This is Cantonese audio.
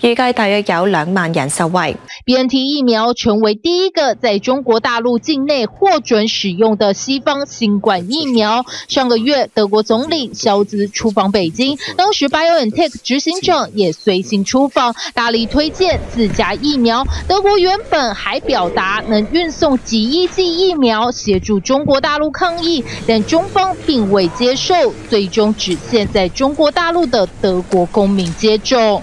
業界大約有兩萬人受惠。BNT 疫苗成為第一個在中國大陸境內獲准使用的西方新冠疫苗。上個月，德國總理肖茲出訪北京，當時 BioNTech 執行者也隨行出訪，大力推薦自家疫苗。德國原本還表達能運送幾億劑疫苗協助中國大陸抗疫，但中方並未接受，最終只限在中國大陸的德國公民接種。